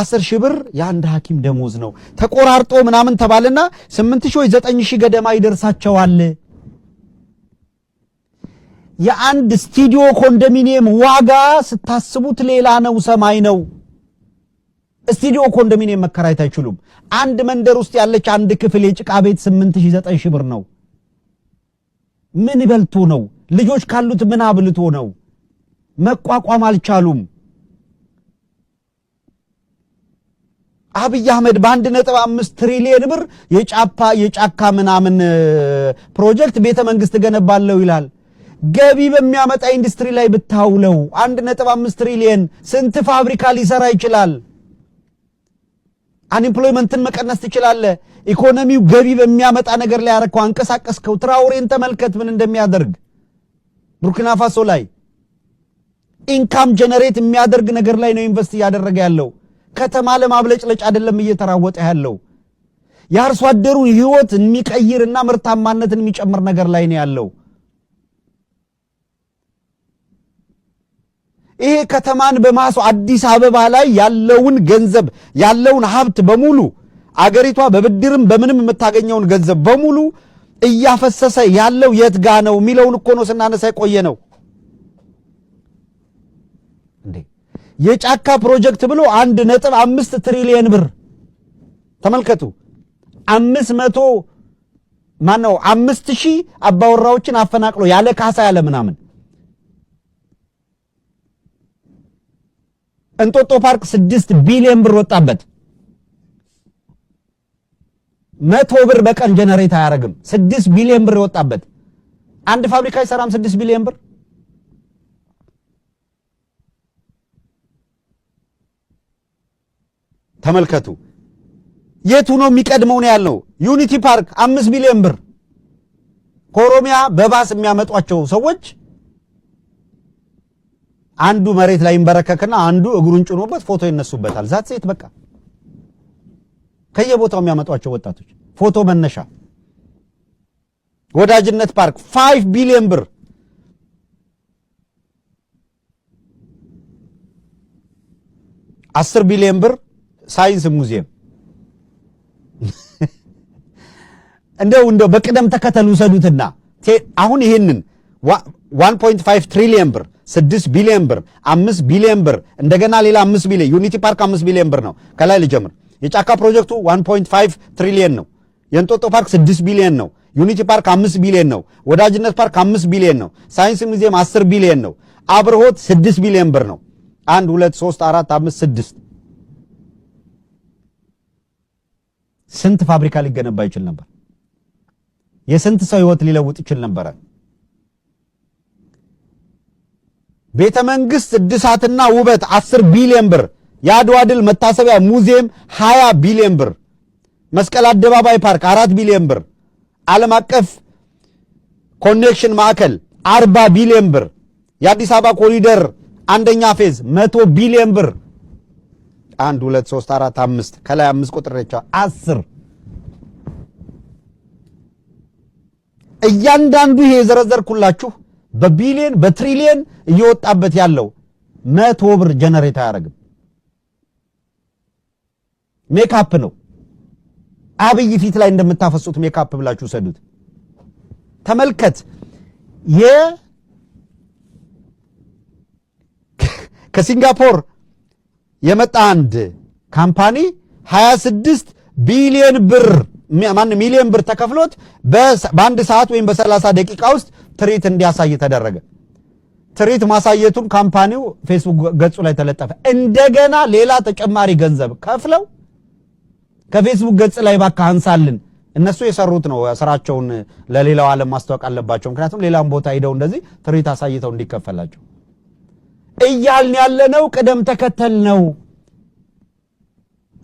አስር ሺህ ብር የአንድ ሐኪም ደሞዝ ነው። ተቆራርጦ ምናምን ተባለና ስምንት ሺህ ወይ ዘጠኝ ሺህ ገደማ ይደርሳቸዋል። የአንድ ስቱዲዮ ኮንዶሚኒየም ዋጋ ስታስቡት ሌላ ነው፣ ሰማይ ነው። ስቱዲዮ ኮንዶሚኒየም መከራየት አይችሉም። አንድ መንደር ውስጥ ያለች አንድ ክፍል የጭቃ ቤት ስምንት ሺህ ዘጠኝ ሺህ ብር ነው። ምን በልቶ ነው? ልጆች ካሉት ምን አብልቶ ነው? መቋቋም አልቻሉም። አብይ አህመድ በአንድ ነጥብ አምስት ትሪሊየን ብር የጫፓ የጫካ ምናምን ፕሮጀክት ቤተ መንግስት ገነባለው ይላል። ገቢ በሚያመጣ ኢንዱስትሪ ላይ ብታውለው አንድ ነጥብ አምስት ትሪሊየን ስንት ፋብሪካ ሊሰራ ይችላል? አንኤምፕሎይመንትን መቀነስ ትችላለህ። ኢኮኖሚው ገቢ በሚያመጣ ነገር ላይ ያረከው አንቀሳቀስከው። ትራውሬን ተመልከት ምን እንደሚያደርግ ቡርኪና ፋሶ ላይ ኢንካም ጀነሬት የሚያደርግ ነገር ላይ ነው ኢንቨስት እያደረገ ያለው። ከተማ ለማብለጭለጭ አይደለም እየተራወጠ ያለው የአርሶ አደሩን ህይወት የሚቀይርና ምርታማነትን የሚጨምር ነገር ላይ ነው ያለው። ይሄ ከተማን በማስ አዲስ አበባ ላይ ያለውን ገንዘብ ያለውን ሀብት በሙሉ አገሪቷ በብድርም በምንም የምታገኘውን ገንዘብ በሙሉ እያፈሰሰ ያለው የት ጋ ነው የሚለውን እኮ ነው ስናነሳ የቆየ ነው። የጫካ ፕሮጀክት ብሎ አንድ ነጥብ አምስት ትሪሊየን ብር ተመልከቱ። አምስት መቶ ማነው አምስት ሺህ አባወራዎችን አፈናቅሎ ያለ ካሳ ያለ ምናምን እንጦጦ ፓርክ ስድስት ቢሊዮን ብር ወጣበት። መቶ ብር በቀን ጀነሬት አያደርግም። ስድስት ቢሊዮን ብር ወጣበት። አንድ ፋብሪካ አይሰራም። ስድስት ቢሊዮን ብር ተመልከቱ። የቱ ነው የሚቀድመው ነው ያልነው። ዩኒቲ ፓርክ አምስት ሚሊዮን ብር ከኦሮሚያ በባስ የሚያመጧቸው ሰዎች አንዱ መሬት ላይ ይንበረከክና አንዱ እግሩን ጭኖበት ፎቶ ይነሱበታል። ዛት ሴት በቃ ከየቦታው የሚያመጧቸው ወጣቶች ፎቶ መነሻ። ወዳጅነት ፓርክ 5 ቢሊዮን ብር አስር ቢሊዮን ብር ሳይንስ ሙዚየም እንደው እንደው በቅደም ተከተል ውሰዱትና አሁን ይሄንን 1.5 ትሪሊየን ብር 6 ቢሊየን ብር 5 ቢሊየን ብር እንደገና ሌላ 5 ቢሊየን ዩኒቲ ፓርክ 5 ቢሊዮን ብር ነው። ከላይ ልጀምር። የጫካ ፕሮጀክቱ 1.5 ትሪሊየን ነው። የእንጦጦ ፓርክ 6 ቢሊየን ነው። ዩኒቲ ፓርክ 5 ቢሊየን ነው። ወዳጅነት ፓርክ 5 ቢሊየን ነው። ሳይንስ ሙዚየም 10 ቢሊየን ነው። አብርሆት 6 ቢሊየን ብር ነው። 1 2 3 4 5 6 ስንት ፋብሪካ ሊገነባ ይችል ነበር? የስንት ሰው ህይወት ሊለውጥ ይችል ነበረ? ቤተ መንግስት እድሳትና ውበት 10 ቢሊዮን ብር፣ የአድዋ ድል መታሰቢያ ሙዚየም 20 ቢሊዮን ብር፣ መስቀል አደባባይ ፓርክ 4 ቢሊዮን ብር፣ ዓለም አቀፍ ኮኔክሽን ማዕከል 40 ቢሊዮን ብር፣ የአዲስ አበባ ኮሪደር አንደኛ ፌዝ 100 ቢሊዮን ብር አንድ ሁለት ሶስት አራት አምስት ከላይ አምስት ቁጥሬቻ አስር እያንዳንዱ ይሄ የዘረዘርኩላችሁ በቢሊየን በትሪሊየን እየወጣበት ያለው መቶ ብር ጀነሬት አያደርግም። ሜካፕ ነው። አብይ ፊት ላይ እንደምታፈሱት ሜካፕ ብላችሁ ሰዱት። ተመልከት የ ከሲንጋፖር የመጣ አንድ ካምፓኒ 26 ቢሊዮን ብር ማን ሚሊዮን ብር ተከፍሎት በአንድ ሰዓት ወይም በ30 ደቂቃ ውስጥ ትርኢት እንዲያሳይ ተደረገ። ትርኢት ማሳየቱን ካምፓኒው ፌስቡክ ገጹ ላይ ተለጠፈ። እንደገና ሌላ ተጨማሪ ገንዘብ ከፍለው ከፌስቡክ ገጽ ላይ ባካ አንሳልን። እነሱ የሰሩት ነው። ስራቸውን ለሌላው ዓለም ማስታወቅ አለባቸው። ምክንያቱም ሌላም ቦታ ሄደው እንደዚህ ትርኢት አሳይተው እንዲከፈላቸው እያልን ያለነው ቅደም ተከተል ነው።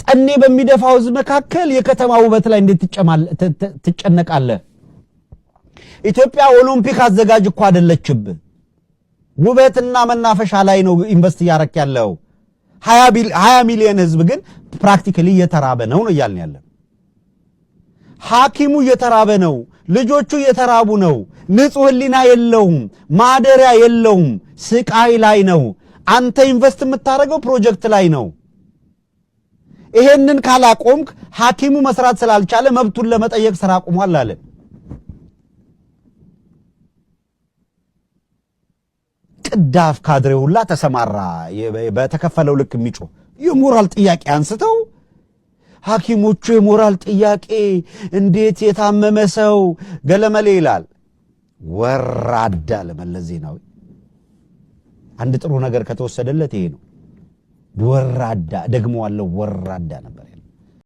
ጠኔ በሚደፋው ህዝብ መካከል የከተማ ውበት ላይ እንዴት ትጨነቃለህ? ኢትዮጵያ ኦሎምፒክ አዘጋጅ እኮ አይደለችም። ውበትና መናፈሻ ላይ ነው ኢንቨስት እያረክ ያለው። ሀያ ሚሊዮን ህዝብ ግን ፕራክቲካሊ እየተራበ ነው ነው እያልን ያለ ሐኪሙ እየተራበ ነው። ልጆቹ እየተራቡ ነው። ንጹህ ሕሊና የለውም። ማደሪያ የለውም። ስቃይ ላይ ነው። አንተ ኢንቨስት የምታደርገው ፕሮጀክት ላይ ነው። ይሄንን ካላቆምክ ሐኪሙ መስራት ስላልቻለ መብቱን ለመጠየቅ ስራ አቁሟል አለ። ቅዳፍ ካድሬ ሁላ ተሰማራ። በተከፈለው ልክ የሚጮ የሞራል ጥያቄ አንስተው ሐኪሞቹ የሞራል ጥያቄ እንዴት የታመመ ሰው ገለመሌ ይላል። ወራዳ ለመለስ ዜናዊ አንድ ጥሩ ነገር ከተወሰደለት ይሄ ነው። ወራዳ ደግሞ አለው ወራዳ ነበር።